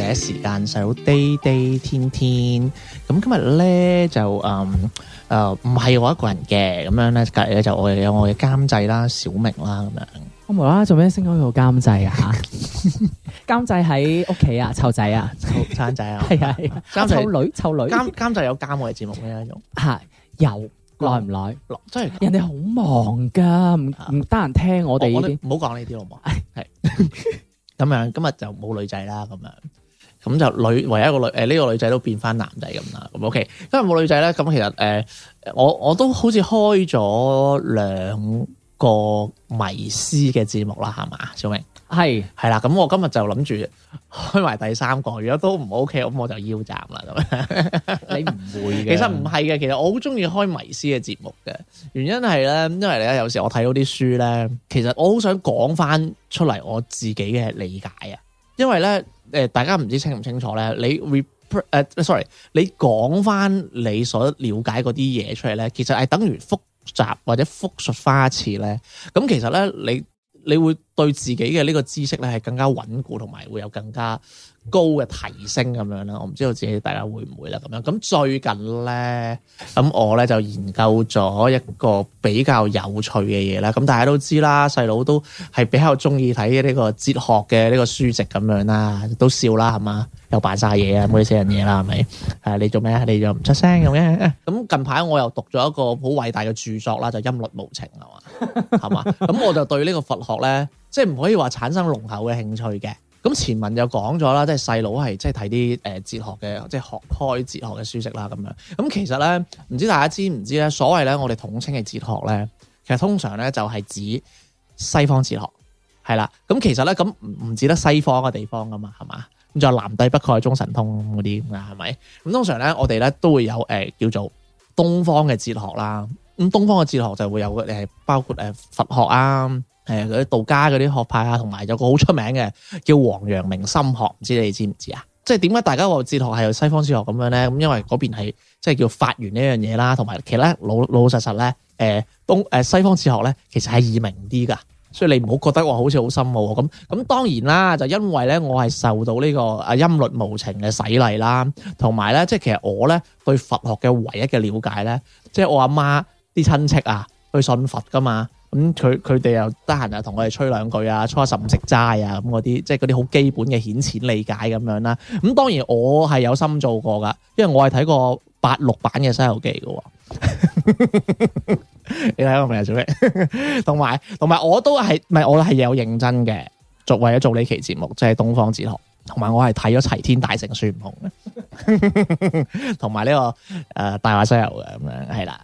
第一時間細佬，day day 天天咁今日咧，就誒誒唔係我一個人嘅，咁樣咧，隔籬就我哋有我嘅監製啦，小明啦咁樣。我無啦啦做咩升咗個監製啊？監製喺屋企啊，湊仔啊，湊仔 啊，係啊，監製。女，湊女。監監製有監我嘅節目咩？用係有，又耐唔耐？真係人哋好忙噶，唔得閒聽我哋唔好講呢啲好唔好？係 咁樣，今日就冇女仔啦，咁樣。咁就女，唯一個個女誒呢、呃這個女仔都變翻男仔咁啦，咁 OK。今日冇女仔咧，咁其實誒、呃，我我都好似開咗兩個迷思嘅節目啦，係嘛，小明係係啦。咁我今日就諗住開埋第三個，如果都唔 OK，咁我就腰斬。啦。咁你唔會嘅， 其實唔係嘅。其實我好中意開迷思嘅節目嘅原因係咧，因為咧有時我睇到啲書咧，其實我好想講翻出嚟我自己嘅理解啊，因為咧。誒，大家唔知清唔清楚咧？你 report 誒，uh，sorry，你講翻你所了解嗰啲嘢出嚟咧，其實係等於複習或者複述翻一次咧。咁其實咧，你你會對自己嘅呢個知識咧係更加穩固，同埋會有更加。高嘅提升咁樣啦，我唔知道自己大家會唔會啦咁樣。咁最近咧，咁我咧就研究咗一個比較有趣嘅嘢啦。咁大家都知啦，細佬都係比較中意睇呢個哲學嘅呢個書籍咁樣啦，都笑啦係嘛，又扮晒嘢啊，唔好意思人，人嘢啦係咪？誒，你做咩啊？你又唔出聲咁樣。咁近排我又讀咗一個好偉大嘅著作啦，就係《音律無情》啦嘛，係嘛。咁 我就對呢個佛學咧，即係唔可以話產生濃厚嘅興趣嘅。咁前文又講咗啦，即係細佬係即係睇啲誒哲學嘅，即係學開哲學嘅書籍啦咁樣。咁其實咧，唔知大家知唔知咧？所謂咧，我哋統稱嘅哲學咧，其實通常咧就係指西方哲學，係啦。咁其實咧，咁唔唔止得西方嘅地方噶嘛，係嘛？咁就南帝北丐中神通嗰啲咁嘅係咪？咁通常咧，我哋咧都會有誒叫做東方嘅哲學啦。咁東方嘅哲學就會有誒，包括誒佛學啊。誒啲道家嗰啲學派啊，同埋有個好出名嘅叫王陽明心學，唔知你知唔知啊？即係點解大家話哲學係西方哲學咁樣咧？咁因為嗰邊係即係叫發源呢樣嘢啦，同埋其實咧老老實實咧，西方哲學咧其實係易明啲噶，所以你唔好覺得我好似好深奧咁。咁當然啦，就因為咧我係受到呢個啊音律無情嘅洗禮啦，同埋咧即係其實我咧對佛學嘅唯一嘅了解咧，即係我阿媽啲親戚啊，去信佛噶嘛。咁佢佢哋又得閒又同我哋吹兩句啊，初一十五食齋啊咁嗰啲，即係嗰啲好基本嘅顯淺理解咁樣啦。咁當然我係有心做過噶，因為我係睇過八六版嘅《西遊記》噶。 你睇我明唔明做咩？同埋同埋我都係，唔係我係有認真嘅，作為咗做呢期節目，即係東方哲學。同埋我係睇咗齊天大聖孫悟空，同埋呢個誒大話西遊嘅咁樣係啦，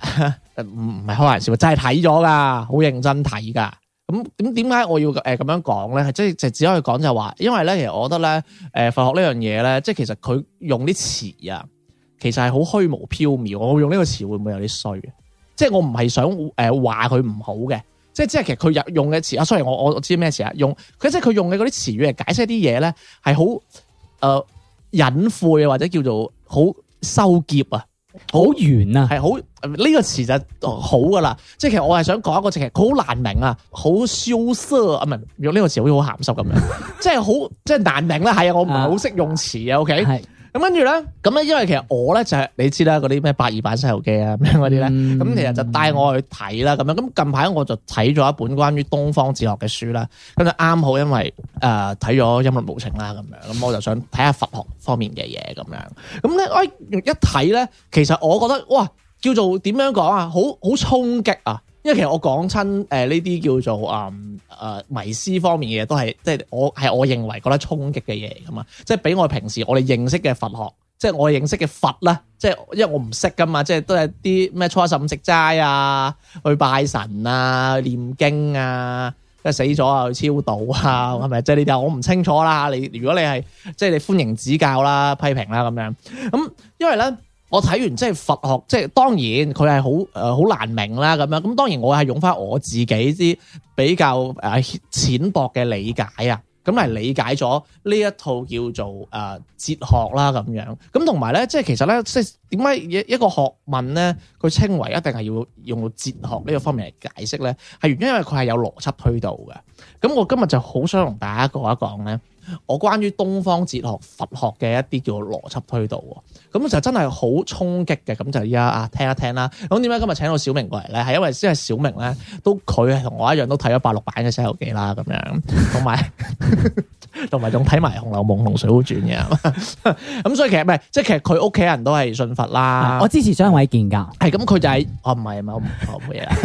唔唔係開玩笑，真係睇咗噶，好認真睇噶。咁咁點解我要誒咁、呃、樣講咧？即係只可以講就話，因為咧其實我覺得咧，誒、呃、佛學呢樣嘢咧，即係其實佢用啲詞啊，其實係好虛無縹緲。我用呢個詞會唔會有啲衰嘅？即係我唔係想誒話佢唔好嘅。即係即係，其實佢入用嘅詞啊，sorry，我我知咩詞啊？用佢即係佢用嘅嗰啲詞語嚟解釋一啲嘢咧，係好誒隱晦啊，或者叫做好羞澀啊，好圓啊，係好呢個詞就好㗎喇。即係其實我係想講一個詞，其實佢好難明啊，好羞澀啊，唔係用呢個詞好似好鹹濕咁樣，即係好即係難明啦。係啊，我唔係好識用詞啊。OK。咁跟住咧，咁咧，因為其實我咧就係、是、你知啦，嗰啲咩八二版西遊記啊，咁嗰啲咧，咁、嗯、其實就帶我去睇啦，咁樣，咁近排我就睇咗一本關於東方哲學嘅書啦，咁就啱好，因為誒睇咗音樂無情啦，咁樣，咁我就想睇下佛學方面嘅嘢咁樣。咁咧，誒一睇咧，其實我覺得哇，叫做點樣講啊，好好衝擊啊！因為其實我講親誒呢啲叫做誒誒、嗯啊、迷思方面嘅嘢，都係即係我係我認為覺得衝擊嘅嘢嚟噶嘛。即係比我平時我哋認識嘅佛學，即係我認識嘅佛啦。即係因為我唔識噶嘛，即係都係啲咩初一十五食齋啊，去拜神啊，念經啊，即係死咗啊去超度啊，係咪？即係呢啲我唔清楚啦。你如果你係即係你歡迎指教啦、批評啦咁樣。咁因為咧。我睇完即係佛學，即係當然佢係好誒好難明啦咁樣。咁當然我係用翻我自己啲比較誒淺薄嘅理解啊，咁係理解咗呢一套叫做誒哲學啦咁樣。咁同埋咧，即係其實咧，即係點解一個學問咧，佢稱為一定係要用到哲學呢個方面嚟解釋咧？係原因因為佢係有邏輯推導嘅。咁我今日就好想同大家講一講咧。我關於東方哲學佛學嘅一啲叫做邏輯推導喎，咁就真係好衝擊嘅，咁就依家啊聽一聽啦。咁點解今日請到小明過嚟咧？係因為即係小明咧，都佢係同我一樣都睇咗八六版嘅《西遊記》啦，咁樣，同埋同埋仲睇埋《紅樓夢》水好傳的《水滸傳》嘅，咁所以其實唔係，即係其實佢屋企人都係信佛啦。我支持張偉健噶，係咁佢就係、是 哦，我唔係唔係我唔會啊。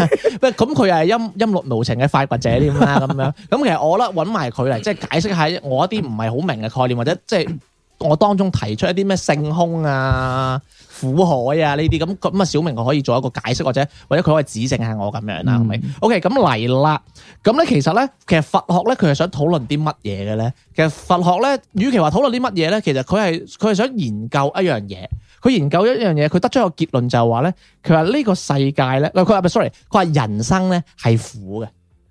喂， 咁佢又係音音樂無情嘅發掘者添啦，咁樣。咁其實我啦，揾埋佢嚟，即係解釋下我啲唔係好明嘅概念，或者即係我當中提出一啲咩性空啊、苦海啊呢啲咁咁啊，小明我可以做一個解釋，或者或者佢可以指正下我咁樣啦，係、嗯、咪？OK，咁嚟啦。咁咧，其實咧，其實佛學咧，佢係想討論啲乜嘢嘅咧？其實佛學咧，與其話討論啲乜嘢咧，其實佢係佢係想研究一樣嘢。佢研究一樣嘢，佢得出一個結論就係話咧，其實呢個世界咧，佢啊唔係 sorry，佢話人生咧係苦嘅。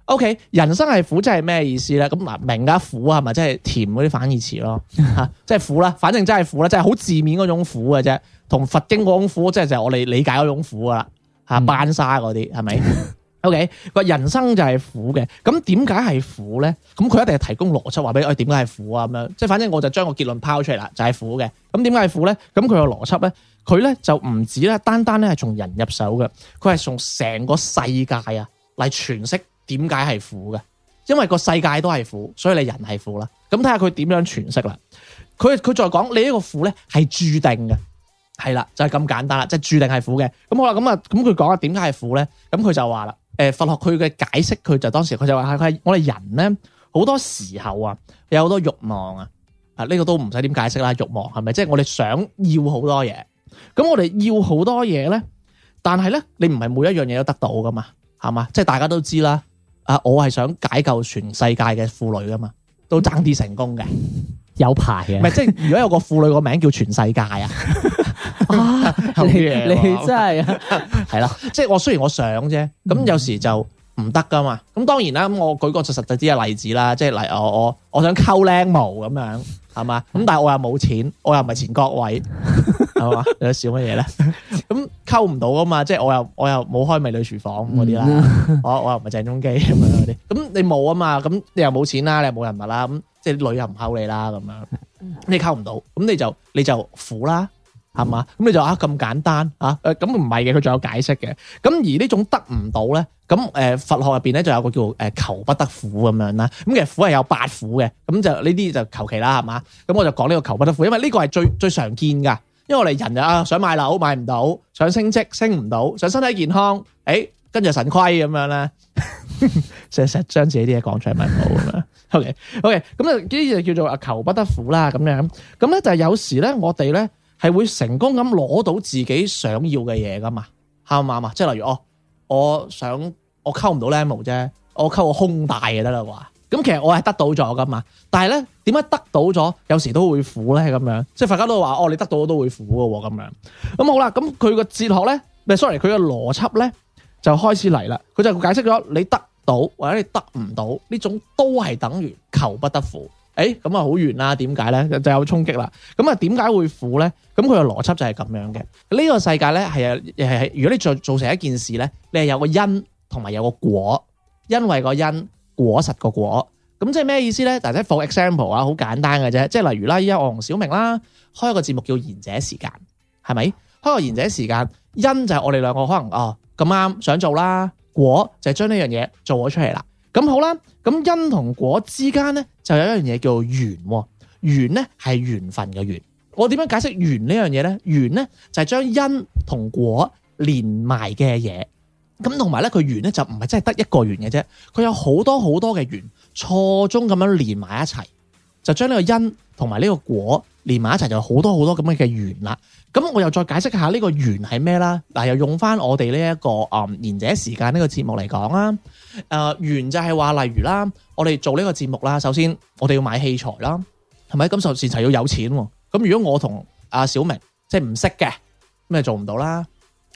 O、okay, K，人生係苦，即係咩意思咧？咁啊，明啦，苦啊，咪真係甜嗰啲反義詞咯，吓，即係苦啦，反正真係苦啦，即係好字面嗰種苦嘅啫，同佛經嗰種苦，即係就係我哋理解嗰種苦噶啦，吓，班沙嗰啲係咪？O K，個人生就係苦嘅，咁點解係苦咧？咁佢一定係提供邏輯，話俾我，點解係苦啊？咁樣，即係反正我就將個結論拋出嚟啦，就係、是、苦嘅。咁點解係苦咧？咁佢個邏輯咧，佢咧就唔止咧，單單咧係從人入手嘅，佢係從成個世界啊嚟詮釋。點解係苦嘅？因為個世界都係苦，所以你人係苦啦。咁睇下佢點樣詮釋啦。佢，佢再講，你呢個苦咧係注定嘅，係啦，就係咁簡單啦，即係注定係苦嘅。咁好啦，咁啊，咁佢講下點解係苦咧？咁佢就話啦，誒，佛學佢嘅解釋，佢就當時佢就話係係我哋人咧好多時候啊，有好多慾望啊，啊呢個都唔使點解釋啦。慾望係咪即係我哋想要好多嘢？咁我哋要好多嘢咧，但係咧你唔係每一樣嘢都得到噶嘛，係嘛？即係大家都知啦。啊！我係想解救全世界嘅婦女噶嘛，都爭啲成功嘅，有排嘅。唔係即係，如果有個婦女個名叫全世界啊， 啊， 你 你， 你真係啊係啦， 即係我雖然我想啫，咁有時就。嗯唔得噶嘛，咁當然啦。咁我舉個實實際啲嘅例子啦，即係我我我想溝靚模咁樣，係嘛？咁但係我又冇錢，我又唔係前角位，係 嘛？你笑乜嘢咧？咁溝唔到㗎嘛？即係我，我又我又冇開美女廚房嗰啲啦，我我又唔係鄭中基咁樣嗰啲。咁、嗯、你冇啊嘛？咁你又冇錢啦，你又冇人物啦，咁即係女又唔溝你啦，咁樣你溝唔到，咁你就你就苦啦，係嘛？咁你就啊咁、 啊、簡單啊？咁唔係嘅，佢、啊、仲有解釋嘅。咁而呢種得唔到咧？咁誒，佛學入邊咧，就有一個叫誒求不得苦咁樣啦。咁其實苦係有八苦嘅，咁就呢啲就求其啦，係嘛？咁我就講呢個求不得苦，因為呢個係最最常見噶。因為我哋人啊，想買樓買唔到，想升職升唔到，想身體健康，誒，跟住神虧咁樣咧，成日成日將自己啲嘢講出嚟咪唔好咁樣。OK，OK，咁啊，呢啲就叫做啊求不得苦啦咁樣。咁咧就係有時咧，我哋咧係會成功咁攞到自己想要嘅嘢噶嘛，啱唔啱啊？即係例如哦。我想我溝唔到靚模啫，我溝個胸大就得啦喎。咁其實我係得到咗噶嘛，但係咧點解得到咗有時都會苦咧咁樣？即係大家都話哦，你得到都會苦嘅喎咁樣。咁、嗯、好啦，咁佢個哲學咧，唔 sorry，佢嘅邏輯咧就開始嚟啦。佢就解釋咗你得到或者你得唔到呢種都係等於求不得苦。誒、欸，咁啊好遠啦，點解咧就有衝擊啦？咁啊點解會苦咧？咁佢嘅邏輯就係咁樣嘅。呢個世界咧係啊係係，如果你做做成一件事咧，你係有個因同埋有個果，因為個因，果實個果。咁即係咩意思咧？大家 for example 啊，好簡單嘅啫。即係例如啦，依家我同小明啦，開一個節目叫賢者時間，係咪？開個賢者時間，因就係我哋兩個可能哦咁啱想做啦，果就係將呢樣嘢做咗出嚟啦。咁好啦，咁因同果之間咧就有一樣嘢叫緣、哦，緣咧係緣分嘅緣。我點樣解釋緣呢樣嘢咧？緣咧就係、是、將因同果連埋嘅嘢，咁同埋咧佢緣咧就唔係真係得一個緣嘅啫，佢有好多好多嘅緣錯綜咁樣連埋一齊，就將呢個因同埋呢個果。連埋一齊就好多好多咁嘅嘅緣啦，咁我又再解釋下呢個緣係咩啦？嗱，又用翻我哋呢一個誒《嗯、賢者時間》呢個節目嚟講啦。誒緣就係話例如啦，我哋做呢個節目啦，首先我哋要買器材啦，係咪？咁首先就要有錢喎。咁如果我同阿小明即係唔識嘅，咁就做唔到啦。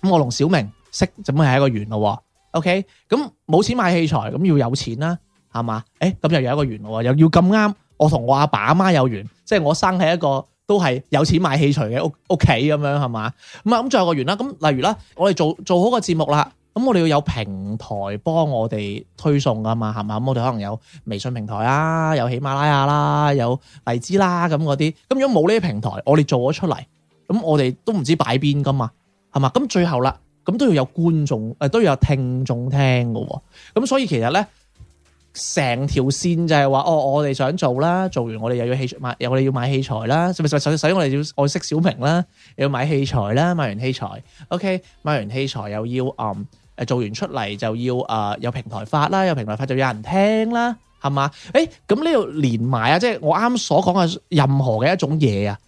咁我同小明識，就咁係一個緣咯。OK，咁冇錢買器材，咁要有錢啦，係嘛？誒、欸，咁又有一個緣喎，又要咁啱。我同我阿爸阿媽有緣，即係我生喺一個都係有錢買器材嘅屋屋企咁樣，係嘛？咁啊，咁最後個緣啦。咁例如啦，我哋做做好個節目啦，咁我哋要有平台幫我哋推送噶嘛，係嘛？咁我哋可能有微信平台啦，有喜馬拉雅啦，有荔枝啦，咁嗰啲。咁如果冇呢啲平台，我哋做咗出嚟，咁我哋都唔知擺邊噶嘛，係嘛？咁最後啦，咁都要有觀眾，誒都要有聽眾聽噶。咁所以其實咧。成條線就係話，哦，我哋想做啦，做完我哋又要器買，我哋要買器材啦，使唔使？首先我哋要愛惜小明啦，又要買器材啦，買完器材，OK，買完器材又要，嗯、呃，做完出嚟就要，誒、呃，有平台發啦，有平台發就要有人聽啦，係嘛？誒、欸，咁呢度連埋啊，即係我啱所講嘅任何嘅一種嘢啊。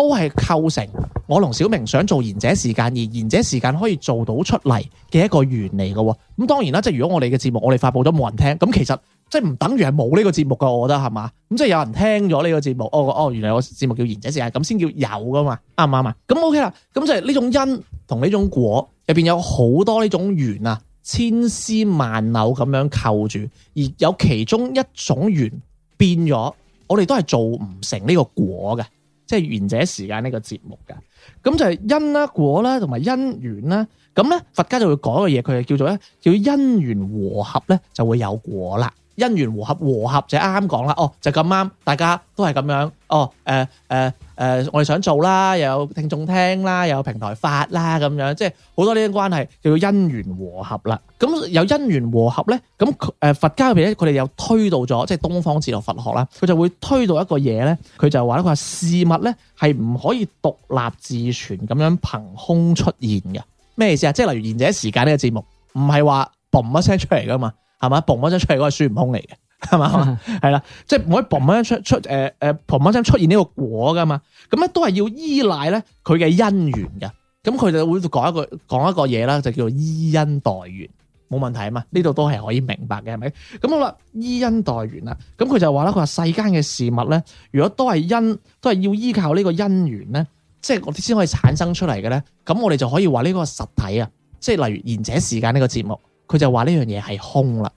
都係構成我同小明想做賢者時間，而賢者時間可以做到出嚟嘅一個緣嚟嘅。咁當然啦，即係如果我哋嘅節目我哋發布咗冇人聽，咁其實即係唔等於係冇呢個節目噶，我覺得係嘛？咁即係有人聽咗呢個節目，哦哦，原來有個節目叫賢者時間，咁先叫有噶嘛，啱唔啱啊？咁 OK 啦，咁就係呢種因同呢種果入邊有好多呢種緣啊，千絲萬縷咁樣扣住，而有其中一種緣變咗，我哋都係做唔成呢個果嘅。即係賢者時間呢個節目嘅，咁就係因啦果啦，同埋因緣啦，咁咧佛家就會講一個嘢，佢係叫做咧，叫因緣和合咧，就會有果啦。因緣和合，和合就啱啱講啦，哦就咁啱，大家都係咁樣，哦誒誒。呃呃誒、呃，我哋想做啦，又有聽眾聽啦，又有平台發啦，咁樣即係好多呢啲關係叫做因緣和合啦。咁有因緣和合咧，咁佛家入邊咧，佢哋又推導咗即係東方哲學佛學啦，佢就會推導一個嘢咧，佢就話咧，佢話事物咧係唔可以獨立自存咁樣憑空出現嘅。咩意思啊？即係例如《賢者時間》呢、這個節目，唔係話嘣一聲出嚟噶嘛，係咪？聲「嘣一聲出嚟嗰個孫悟空嚟嘅。係、 就是、嘛？係啦，即係我喺 boom 出出誒誒 boom 出現呢個果噶嘛？咁咧都係要依賴咧佢嘅因緣嘅。咁佢就會講一個講一個嘢啦，就叫做依因待緣，冇問題啊嘛。呢度都係可以明白嘅，係咪？咁、嗯、好啦，依因待緣啦。咁佢就話啦，佢話世間嘅事物咧，如果都係因，都係要依靠呢個因緣咧，即係我哋先可以產生出嚟嘅咧。咁我哋就可以話呢個實體啊，即係例如賢者時間呢、這個節目，佢就話呢樣嘢係空啦。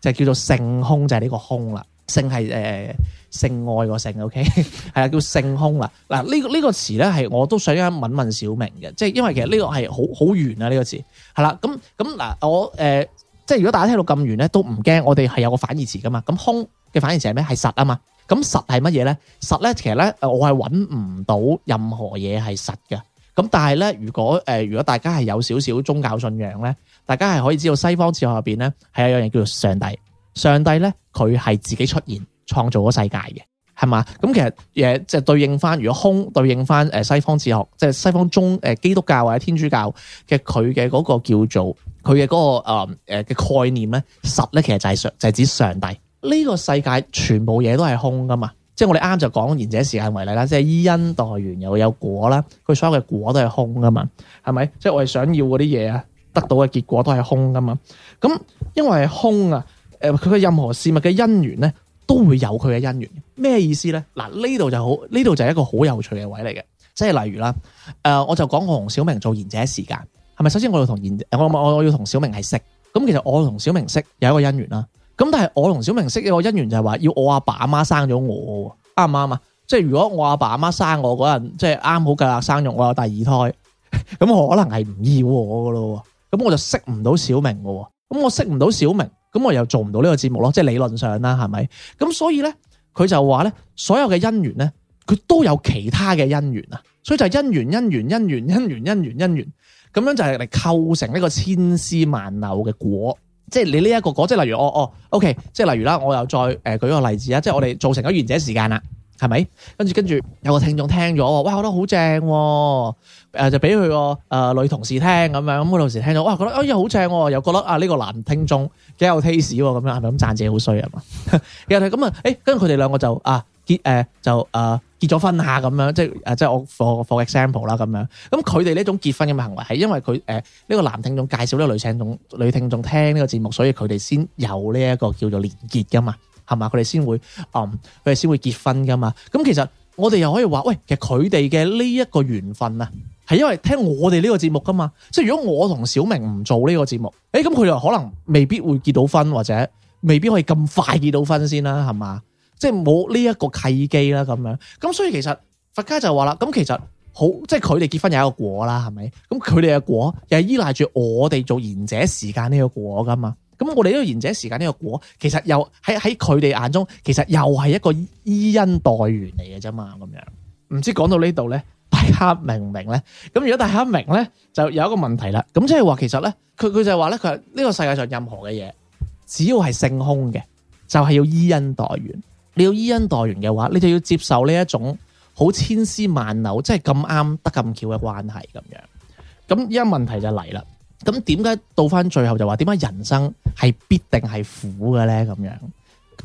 就叫做性空，就係呢個空啦。性係誒性愛個性，OK 係啊，叫性空啦。嗱呢個呢個詞咧，係我都想一問問小明嘅，即係因為其實呢個係好好圓啊。呢個詞係啦，咁咁嗱，我誒即係如果大家聽到咁圓咧，都唔驚。我哋係有個反義詞噶嘛。咁空嘅反義詞係咩？係實啊嘛。咁實係乜嘢咧？實咧其實咧，我係揾唔到任何嘢係實嘅。咁但係咧，如果誒如果大家係有少少宗教信仰咧。大家係可以知道西方哲學入邊咧，係有一樣嘢叫做上帝。上帝咧，佢係自己出現創造咗世界嘅，係嘛？咁其實嘢即係對應翻，如果空對應翻誒西方哲學，即係西方中誒基督教或者天主教嘅佢嘅嗰個叫做佢嘅嗰個誒誒嘅概念咧，實咧其實就係就係指上帝，呢個世界全部嘢都係空噶嘛？即係我哋啱就講賢者時間為例啦，即係依因代緣又有果啦，佢所有嘅果都係空噶嘛？係咪？即係我哋想要嗰啲嘢啊？得到嘅結果都係空噶嘛？咁因為係空啊，誒佢嘅任何事物嘅因緣咧，都會有佢嘅因緣。咩意思咧？嗱，呢度就好，呢度就係一個好有趣嘅位嚟嘅。即係例如啦，誒，我就講我同小明做賢者時間，係咪首先我要同賢，我我我要同小明係識？咁其實我同小明識有一個因緣啦。咁但係我同小明識一個因緣就係話，要我阿爸阿媽生咗我，啱唔啱啊？即係如果我阿爸阿媽生我嗰陣，即係啱好計劃生育，我有第二胎，咁可能係唔要我噶咯。咁我就識唔到小明喎。咁我識唔到小明，咁我又做唔到呢個節目咯，即係理論上啦，係咪？咁所以咧，佢就話咧，所有嘅姻緣咧，佢都有其他嘅姻緣啊，所以就係姻緣姻緣姻緣姻緣姻緣姻緣，咁樣就係嚟構成一個千絲萬縷嘅果，即係你呢一個果，即係例如，哦 okay，例如我哦，OK，即係例如啦，我又再誒舉個例子啊，即係我哋做成咗《賢者時間》啦。係咪？跟住跟住有個聽眾聽咗，哇覺得好正喎！誒就俾佢個誒女同事聽咁樣，咁個同事聽咗，哇覺得哎呀好正喎！又覺得啊呢、這個男聽眾幾有 taste 喎！咁樣係咪咁讚自己好衰啊嘛？又係咁啊！誒跟住佢哋兩個就啊、呃、結誒就啊結咗婚下咁樣，即係、啊、即係我 for for example 啦咁樣。咁佢哋呢種結婚咁嘅行為係因為佢誒呢個男聽眾介紹呢個女聽眾，女聽眾聽呢個節目，所以佢哋先有呢一個叫做連結噶嘛。係嘛？佢哋先會，嗯，佢哋先會結婚噶嘛？咁其實我哋又可以話，喂，其實佢哋嘅呢一個緣分啊，係因為聽我哋呢個節目噶嘛？即係如果我同小明唔做呢個節目，誒、欸，咁佢哋可能未必會結到婚，或者未必可以咁快結到婚先啦，係嘛？即係冇呢一個契機啦，咁樣。咁所以其實佛家就話啦，咁其實好，即係佢哋結婚有一個果啦，係咪？咁佢哋嘅果又係依賴住我哋做賢者時間呢個果噶嘛？咁我哋呢個賢者時間呢個果，其實又喺喺佢哋眼中，其實又係一個依因待緣嚟嘅啫嘛，咁樣。唔知講到呢度咧，大家明唔明咧？咁如果大家明咧，就有一個問題啦。咁即係話，其實咧，佢佢就係話咧，佢係呢個世界上任何嘅嘢，只要係性空嘅，就係、是、要依因待緣。你要依因待緣嘅話，你就要接受呢一種好千絲萬縷，即係咁啱得咁巧嘅關係咁樣。咁依家問題就嚟啦。咁點解到翻最後就話，點解人生係必定係苦嘅咧？咁樣，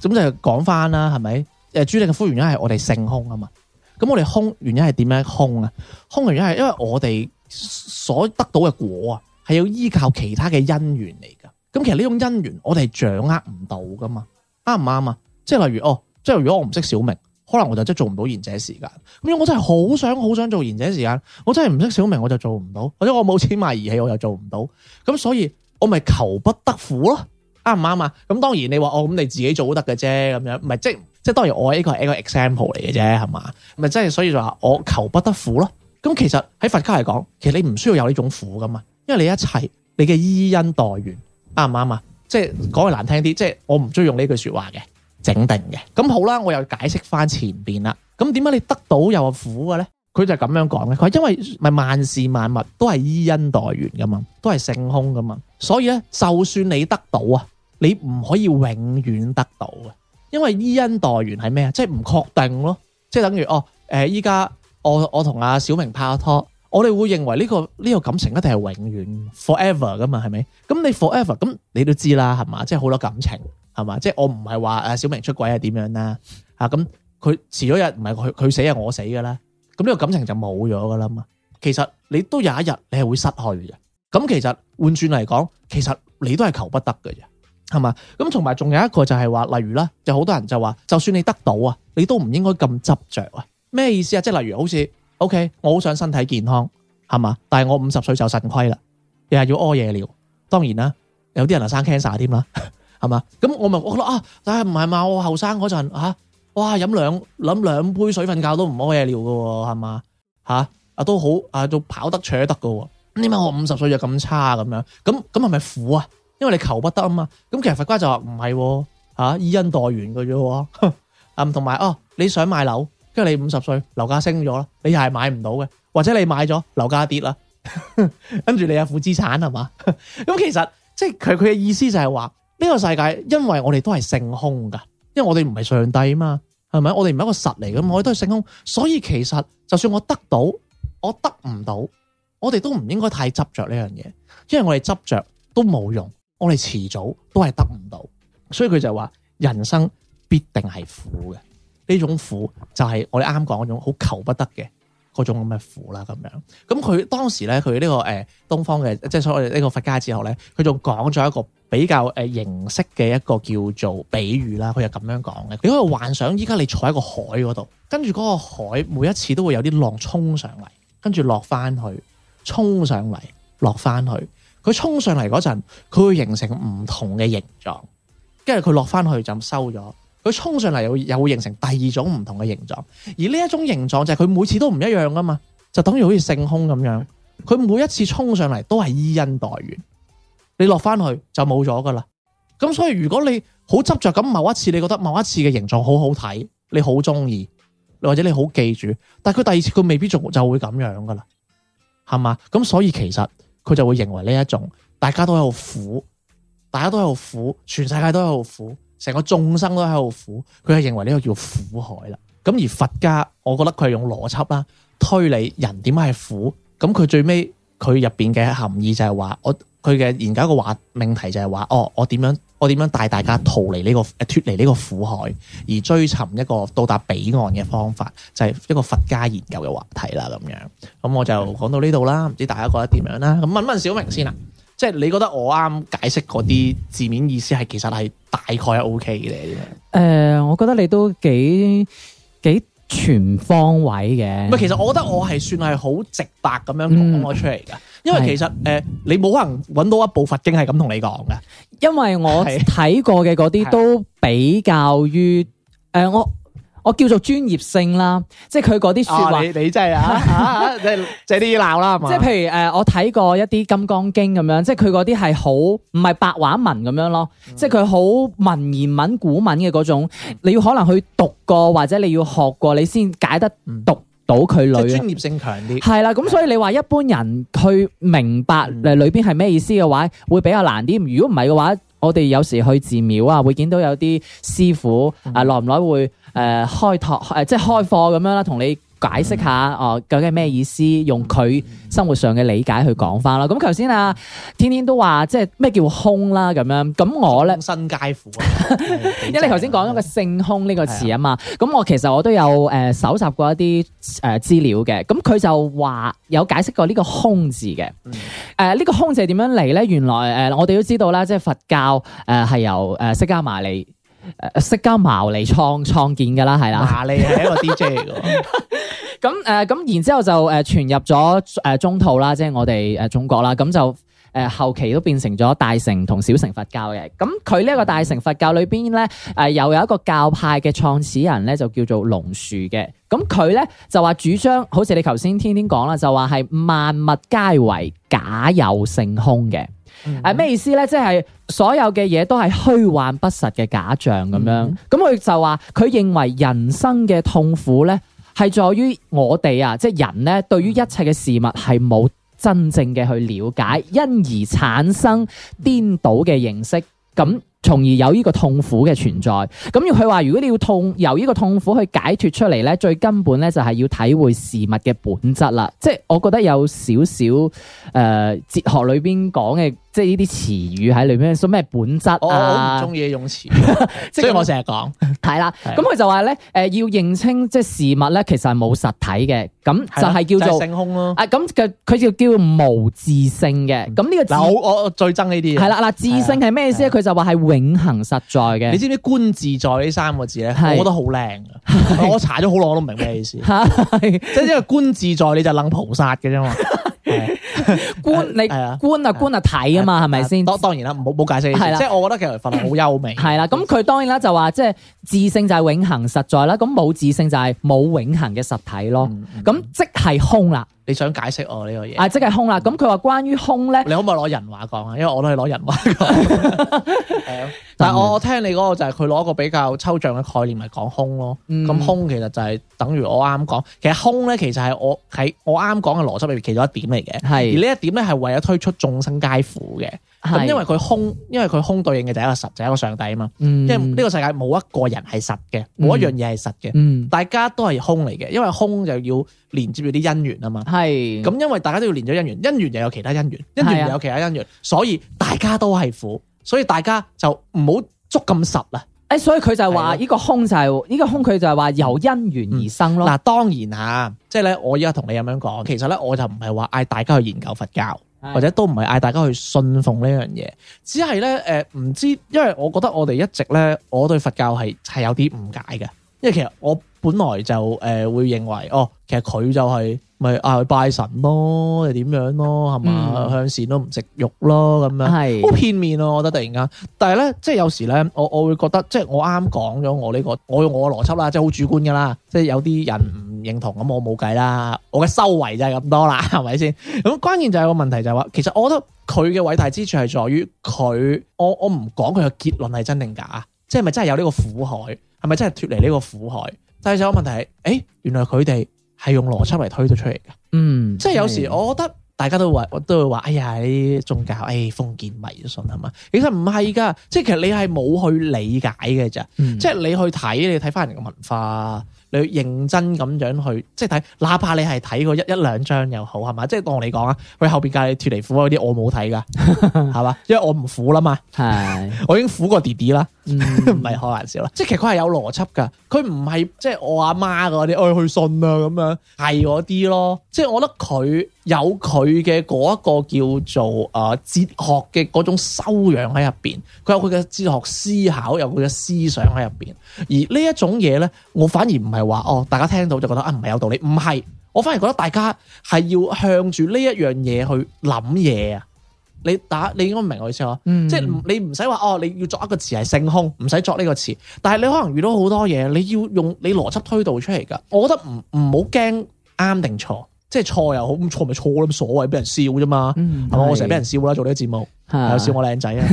咁就講翻啦，係咪？誒，朱棣嘅苦原因係我哋性空啊嘛。咁我哋空原因係點樣空啊？空原因係因為我哋所得到嘅果啊，係要依靠其他嘅因緣嚟噶。咁其實呢種因緣我哋係掌握唔到噶嘛？啱唔啱啊？即係例如哦，即係如果我唔識小明。可能我就真做唔到賢者時間，咁樣我真係好想好想做賢者時間，我真係唔識小明我就做唔到，或者我冇錢買儀器我又做唔到，咁所以我咪求不得苦咯，啱唔啱啊？咁、嗯、當然你話哦，咁你自己做得嘅啫，咁樣，就是，唔係即即當然我呢個係一個 example 嚟嘅啫，係嘛？咪係即所以就話我求不得苦咯。咁其實喺佛教嚟講，其實你唔需要有呢種苦噶嘛，因為你一切你嘅依因待緣，啱唔啱啊？即講句難聽啲，即、就是、我唔中意用呢句說話嘅。整定嘅，咁好啦，我又解釋翻前邊啦。咁點解你得到又係苦嘅咧？佢就係咁樣講嘅。佢話因為咪萬事萬物都係依因待緣噶嘛，都係性空噶嘛。所以咧，就算你得到啊，你唔可以永遠得到嘅，因為依因待緣係咩啊？即係唔確定咯。即係等於哦，誒，呃，依家我我同阿小明拍拖，我哋會認為呢個呢個感情一定係永遠 forever 噶嘛？係咪？咁你 forever 咁你都知啦，係嘛？即係好多感情。係嘛？即係我唔係話誒，小明出軌係點樣啦？啊，咁佢遲咗日唔係佢佢死係我死噶啦？咁呢個感情就冇咗噶啦嘛？其實你都有一日你係會失去嘅。咁其實換轉嚟講，其實你都係求不得嘅啫，係嘛？咁同埋仲有一個就係話，例如啦，就好多人就話，就算你得到啊，你都唔應該咁執着啊。咩意思啊？即係例如好似，OK，我好想身體健康，係嘛？但係我五十歲就腎虧啦，又係要屙夜尿。當然啦，有啲人啊生 cancer 添啦。呵呵係嘛？咁我咪我覺得啊，但係唔係嘛？我後生嗰陣吓，哇飲兩飲兩杯水瞓覺都唔屙嘢尿噶，係嘛吓啊都好啊都跑得扯得噶。點解我五十歲就咁差咁樣，咁咁係咪苦啊？因為你求不得啊嘛。咁其實佛家就話唔係吓以恩代緣嘅啫。啊，同埋哦，你想買樓，跟住你五十歲樓價升咗啦，你又係買唔到嘅，或者你買咗樓價跌啦， 跟住你又負資產係嘛？咁 其實即係佢佢嘅意思就係話。呢、這個世界因，因為我哋都係性空噶，因為我哋唔係上帝啊嘛，係咪？我哋唔係一個實嚟噶嘛，我哋都係性空，所以其實就算我得到，我得唔到，我哋都唔應該太執着呢樣嘢，因為我哋執着都冇用，我哋遲早都係得唔到，所以佢就話人生必定係苦嘅，呢種苦就係我哋啱講嗰種好求不得嘅嗰種咁嘅苦啦，咁樣。咁佢當時咧，佢呢、這個誒、呃、東方嘅，即係所謂呢個佛家哲學咧，佢仲講咗一個。比較誒形式嘅一個叫做比喻啦，佢就咁樣講嘅。你可以幻想依家你坐喺個海嗰度，跟住嗰個海每一次都會有啲浪沖上嚟，跟住落翻去，沖上嚟，落翻去。佢沖上嚟嗰陣，佢會形成唔同嘅形狀，跟住佢落翻去就收咗。佢沖上嚟又又會形成第二種唔同嘅形狀，而呢一種形狀就係佢每次都唔一樣噶嘛，就等於好似性空咁樣，佢每一次沖上嚟都係依因待緣。你落翻去就冇咗噶啦，咁所以如果你好執着咁某一次你覺得某一次嘅形狀好好睇，你好中意，或者你好記住，但係佢第二次佢未必就就會咁樣噶啦，係嘛？咁所以其實佢就會認為呢一種大家都好苦，大家都喺度苦，全世界都喺度苦，成個眾生都喺度苦，佢係認為呢個叫苦海啦。咁而佛家，我覺得佢係用邏輯啦，推理人點解係苦，咁佢最尾佢入邊嘅含義就係話我。佢嘅研究嘅話命題就係話，哦，我點樣我點樣帶大家逃離呢個脫離呢個苦海，而追尋一個到達彼岸嘅方法，就係一個佛家研究嘅話題啦。咁樣，咁我就講到呢度啦。唔知大家覺得點樣啦？咁問問小明先啦，即係你覺得我啱解釋嗰啲字面意思係其實係大概 O K 嘅咧？誒，我覺得你都幾幾。全方位嘅，唔係，其實我覺得我係算係好直白咁樣講我出嚟㗎、嗯，因為其實誒、呃，你冇可能揾到一部佛經係咁同你講㗎，因為我睇過嘅嗰啲都比較于誒、呃、我。我叫做專業性啦，即係佢嗰啲說話，哦、你，你真係啊，即係即係都要鬧啦，係嘛？即係譬如誒，我睇過一啲《金剛經》咁樣，即係佢嗰啲係好唔係白話文咁樣咯，嗯、即係佢好文言文古文嘅嗰種，嗯、你要可能去讀過或者你要學過，你先解得讀到佢裏、嗯。即係專業性強啲。係啦，咁所以你話一般人去明白誒裏邊係咩意思嘅話，嗯、會比較難啲。如果唔係嘅話，我哋有時去寺廟啊，會見到有啲師傅、嗯、啊，耐唔耐會？誒、呃、開拓即係開課咁樣啦，同你解釋下、嗯、哦究竟係咩意思，用佢生活上嘅理解去講翻啦。咁頭先啊，天天都話即係咩叫空啦咁樣。咁我咧，身皆苦、啊， 因為你頭先講咗個性空呢個詞啊嘛。咁、嗯、我其實我都有誒蒐、呃、集過一啲誒、呃、資料嘅。咁佢就話有解釋過呢個空字嘅。誒、嗯、呢、呃這個空字係點樣嚟咧？原來誒、呃、我哋都知道啦，即係佛教誒係、呃、由誒釋迦牟尼。呃誒，釋迦牟尼創創建嘅啦，係啦。牟尼係一個 DJ 嚟嘅，咁誒，咁、 呃、然之後就誒傳入咗誒中土啦，即係我哋誒中國啦。咁就誒、呃、後期都變成咗大乘同小乘佛教嘅。咁佢呢個大乘佛教裏邊咧，誒、嗯、又、呃、有，有一個教派嘅創始人咧，就叫做龍樹嘅。咁佢咧就話主張，好似你頭先天天講啦，就話係萬物皆為假有性空嘅。係咩意思呢？即係所有嘅嘢都係虛幻不實嘅假象咁樣。咁佢就話佢認為人生嘅痛苦呢係在於我哋啊，即係人呢對於一切嘅事物係冇真正嘅去了解，因而產生顛倒嘅認識。咁從而有呢個痛苦嘅存在，咁要佢話，如果你要痛由呢個痛苦去解脱出嚟咧，最根本咧就係要體會事物嘅本質啦。即係我覺得有少少誒哲學裏邊講嘅，即係呢啲詞語喺裏邊，所以咩本質啊？我好唔中意用詞、 就是，所以我成日講係啦。咁 佢就話咧誒，要認清即係事物咧其實係冇實體嘅，咁就係叫做、就是、性空咯、啊。咁嘅佢就叫無自性嘅。咁、嗯、呢個有我，我最憎呢啲嘅。係啦嗱，自性係咩意思咧？佢就話係永恆實在嘅，你知唔知觀自在呢三個字咧？我覺得好靚。我查咗好耐，我都唔明咩意思。即 係 因為觀自在，你就諗菩薩嘅啫、 啊啊啊、嘛。觀 你，觀啊，觀啊，睇啊嘛，係咪先？當當然啦，唔好冇解釋。即係我覺得其實佛係好優美。係啦，咁佢當然啦，就話即係自性就係永恆實在啦。咁冇自性就係冇永恆嘅實體咯。咁、嗯嗯嗯、即係空啦。你想解釋我呢個嘢啊，即係空啦。咁佢話關於空咧，你可唔可以攞人話講啊？因為我都係攞人話講。 但係我聽你嗰個就係佢攞一個比較抽象嘅概念嚟講空咯。咁、嗯、空其實就係等於我啱講。其實空咧其實係我喺我啱講嘅邏輯裏面其中一點嚟嘅。係而呢一點咧係為咗推出眾生皆苦嘅。咁、嗯、因為佢空，因為佢空對應嘅就係一個實就係、一個上帝啊嘛、嗯，因為呢個世界冇一個人係實嘅，冇一樣嘢係實嘅、嗯，大家都係空嚟嘅，因為空就要連接住啲姻緣啊嘛。係咁，因為大家都要連咗姻緣，姻緣又有其他姻緣，姻緣又有其他姻緣、啊，所以大家都係苦，所以大家就唔好捉咁實啦。誒，所以佢就係話呢個空就係、是、呢、這個空，佢就係話由姻緣而生咯。嗱、嗯，當然吓，即係咧，我而家同你咁樣講，其實咧，我就唔係話嗌大家去研究佛教。或者都唔係嗌大家去信奉呢樣嘢，只係咧，誒、呃，唔知，因為我覺得我哋一直咧，我對佛教係係有啲誤解嘅，因為其實我本來就誒、呃、會認為，哦，其實佢就係、是。咪嗌去拜神咯，又點樣咯，係嘛、嗯、向善都唔食肉咯，咁樣好片面咯、啊，我覺得突然間。但係咧，即係有時咧，我我會覺得，即係我啱啱講咗我呢、這個，我用我嘅邏輯啦，即係好主觀噶啦，即係有啲人唔認同，咁我冇計啦，我嘅修為就係咁多啦，係咪先？咁關鍵就係個問題就係、是、話，其實我覺得佢嘅偉大之處係在於佢，我我唔講佢嘅結論係真定假，即係咪真係有呢個苦海，係咪真係脫離呢個苦海？但係就個問題係，誒，原來佢哋。係用邏輯嚟推到出嚟嘅，嗯，即係有時我覺得大家都話，我的都會話，哎呀，啲宗教，哎，封建迷信係嘛，其實唔係噶，即係其實你係冇去理解嘅咋，嗯、即係你去睇，你睇翻人嘅文化。你認真咁樣去，即係睇，哪怕你係睇過一一兩章又好，係嘛？即係當我嚟講啊，佢後邊教你脫離苦嗰啲，我冇睇噶，係 嘛？因為我唔苦啦嘛，係， 我已經苦過弟弟啦，唔、嗯、係 開玩笑啦，即係其實佢係有邏輯噶，佢唔係即係我阿媽嗰啲愛去信啊咁樣，係嗰啲咯。即係我覺得佢有佢嘅嗰一個叫做啊哲學嘅嗰種修養喺入邊，佢有佢嘅哲學思考，有佢嘅思想喺入邊。而呢一種嘢咧，我反而唔係。話哦，大家聽到就覺得啊，唔係有道理，唔係，我反而覺得大家係要向住呢一樣嘢去諗嘢啊！你打你應該唔明我意思啊、嗯，即係你唔使話哦，你要作一個詞係性空，唔使作呢個詞，但係你可能遇到好多嘢，你要用你邏輯推導出嚟噶。我覺得唔唔好驚啱定錯。即係錯又好，錯錯錯咪錯咯。咁所謂俾人笑啫嘛，係、嗯嗯、我成日俾人笑啦，做呢個節目，有、啊、笑我靚仔啊，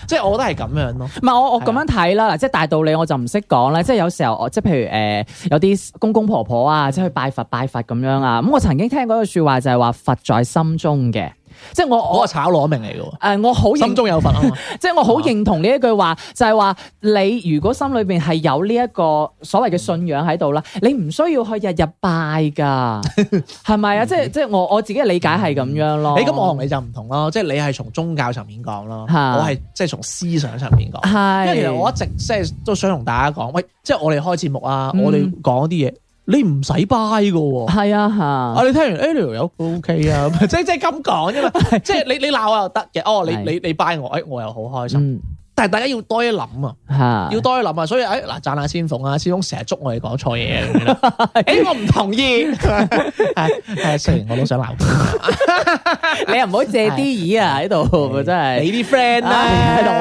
即係我覺得係咁樣咯。唔 係、嗯、我我咁樣睇啦，即係大道理我就唔識講啦，即係有時候我即係譬如誒、呃、有啲公公婆婆啊，即係去拜佛拜佛咁樣啊，咁我曾經聽過一句說話就係話佛在心中嘅。即係我我、那個、炒攞命嚟嘅，誒、呃、我好心中有佛、啊。 即係我好認同呢一句話，就係、是、話你如果心裏邊係有呢一個所謂嘅信仰喺度啦，你唔需要去日日拜噶，係咪啊？即係、嗯、即係我我自己嘅理解係咁樣咯。你、嗯、咁我同你就唔同咯，即、就、係、是、你係從宗教上面講咯，我係即係從思想上面講，因為其實我一直即係都想同大家講，喂，即係我哋開節目啊，我哋講啲嘢。你唔使掰噶喎，係啊吓，我、啊、你聽完誒、哎，你又有 O K 啊，即係即係咁講啫嘛，即、就、係、是啊就是、你你鬧我又得嘅、啊，哦，你、啊、你你拜我，誒、哎、我又好開心，啊、但係大家要多一諗啊，要多一諗啊，所以誒嗱，讚下先，鳳啊，先鋒成日捉我哋講錯嘢，誒我唔同意，係、啊啊啊、雖然我都想鬧， 啊、 你又唔好借啲耳啊喺度、啊，真係、啊、 你啲 friend 啦，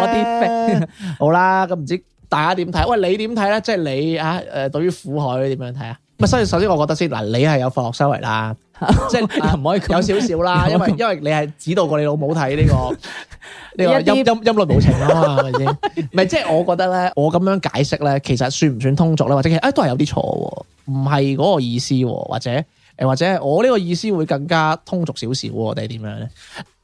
我啲 friend，好啦，咁唔知大家點睇？喂，你點睇咧？即、就、係、是、你啊，誒、呃，對於苦海點樣睇啊？所以首先我覺得先嗱，你係有科學收為啦，即係唔可以有少少許啦，因 為因為你係指導過你老母睇呢、呢個呢 個音 音 音律無情啦，嘛，係咪先？咪即係我覺得咧，我咁樣解釋咧，其實算唔算通俗咧？或者係、哎、都係有啲錯喎，唔係嗰個意思喎，或者或者我呢個意思會更加通俗少少，定係點樣咧？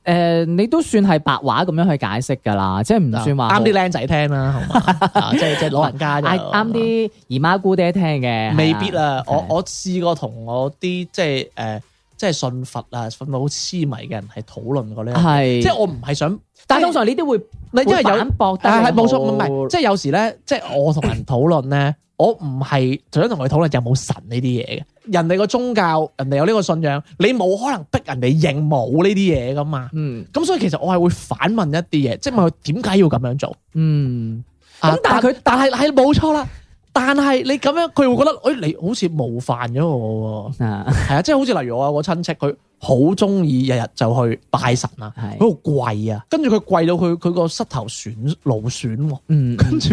誒、呃，你都算係白話咁樣去解釋噶啦，即係唔算話啱啲靚仔聽啦、啊，好嘛？ 即係即係老人家又啱啲姨媽姑爹聽嘅，未必啊！Okay. 我我試過同我啲即係誒，即係、呃、信佛啊，信到好癡迷嘅人係討論過呢樣，即係我唔係想，但係通常呢啲會，你因為有反駁，但係係冇錯唔係，即係有時咧， 即係我同人討論咧。我唔係就想同佢討論有冇神呢啲嘢嘅，人哋個宗教，人哋有呢個信仰，你冇可能逼人哋認冇呢啲嘢噶嘛。嗯，咁所以其實我係會反問一啲嘢，即係問佢點解要咁樣做。嗯，咁但係佢，但係係冇錯啦。但係你咁樣，佢會覺得，哎，你好似冒犯咗我喎。係啊，即係好似例如我啊個親戚，佢好中意日日就去拜神啊，喺度跪啊，跟住佢跪到佢佢個膝頭損勞損喎。嗯，跟住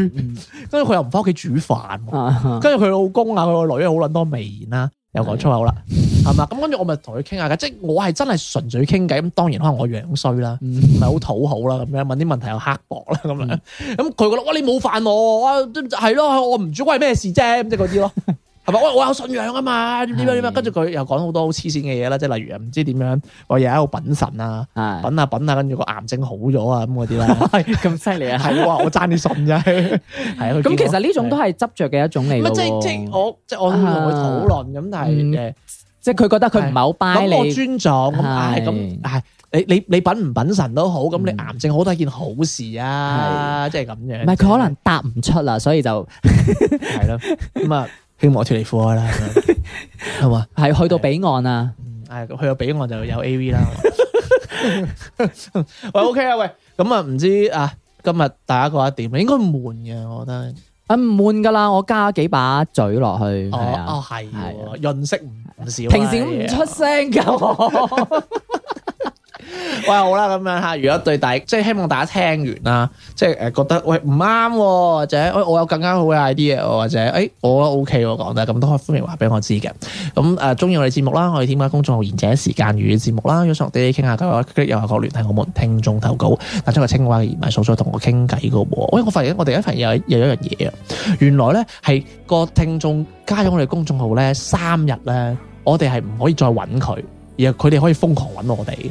跟住佢又唔翻屋企煮飯，跟住佢老公啊佢個女好撚、啊、多微言啦、啊。又講粗口啦，係嘛？咁跟住我咪同佢傾下噶，即係我係真係純粹傾偈。咁當然可能我樣衰啦，唔係好討好啦，咁樣問啲問題又刻薄啦，咁樣。咁佢覺得，哇，哦，你冇犯我，哇，都係咯，我唔主關係咩事啫，咁即係嗰啲咯。係嘛？我我有信仰啊嘛，點樣點樣？跟住佢又講好多好黐線嘅嘢啦，即係例如唔知點樣，我又喺度品神啊，品啊品啊，跟住個癌症好咗啊，咁嗰啲啦，係咁犀利啊！係哇我爭啲信啫，係咁。其實呢種都係執着嘅一種嚟，唔係即即我即我都同佢討論咁，但係誒，即係佢覺得佢唔係好 buy，咁我尊重咁，係咁係你你你品唔品神都好，咁你癌症好都係件好事啊，即係咁樣。唔係佢可能答唔出啦，所以就係咯咁啊。希望脫離苦海啦，係嘛？係去到彼岸啊，係去到彼岸就有 AV 啦。喂，OK 啊，喂，咁啊，唔知啊，今日大家覺得點？應該悶嘅，我覺得啊，唔悶噶啦，我加幾把嘴落去，哦哦，係潤色唔少，平時唔出聲噶我。喂，好啦，咁樣吓，如果對大家即係希望大家聽完啦，即係誒覺得喂唔啱、啊、或者誒我有更加好嘅 idea，或者誒、哎、我覺得 OK，我講得咁都可以、呃、歡迎話俾我知嘅。咁誒，中意我哋節目啦，可以添加公眾號賢者時間語嘅節目啦，如果想我地地傾下偈，又係可聯繫我們聽眾投稿。但真係青蛙嘅姨媽叔叔同我傾偈嘅，因為我發我現我哋一份又又有一樣嘢啊，原來咧係個聽眾加入我哋公眾號咧三日咧，我哋係唔可以再揾佢，而佢哋可以瘋狂揾我哋。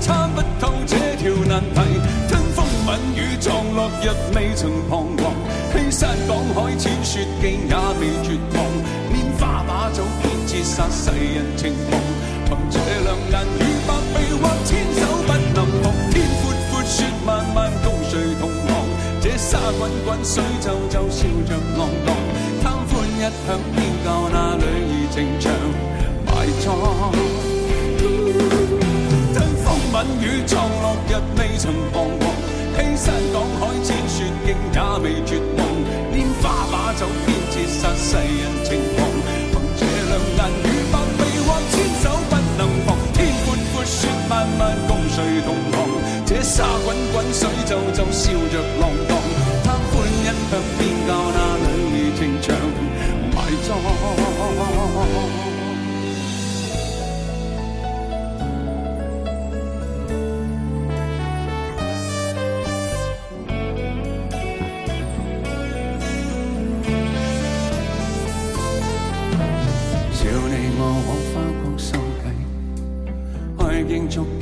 參不透這條難題，吞風吻雨葬落日，未曾彷徨。欺山趕海踐雪徑也未絕望，拈花把酒偏折煞世人情狂。憑這兩眼與百臂或千手不能防。天闊闊雪漫漫共誰同航？這沙滾滾水皺皺笑着浪蕩，貪歡一餉偏教那女兒情長埋葬。風雨葬落日未曾彷徨，欺山趕海，千雪徑也未絕望。拈花把酒，偏折煞世人情狂。憑這兩眼與百臂，或千手，不能防。天闊闊，雪漫漫，共誰同航？這沙滾滾，水皺皺，笑着浪蕩。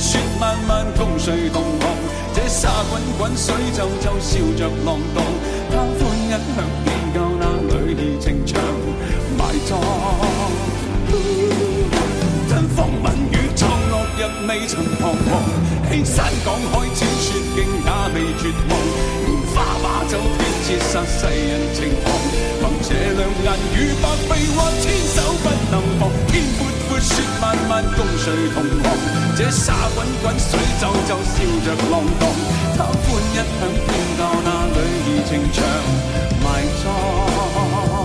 雪漫漫，共誰同行？這沙滾滾，水皺皺，笑着浪蕩。貪歡一餉。未曾彷徨，欺山趕海，踐雪徑也未絕望。拈花把酒，偏折煞世人情狂。憑這兩眼與百臂或千手不能防。天闊闊，雪漫漫，共誰同航？這沙滾滾，水皺皺，笑着浪蕩。貪歡一餉，偏教那女兒情長埋葬。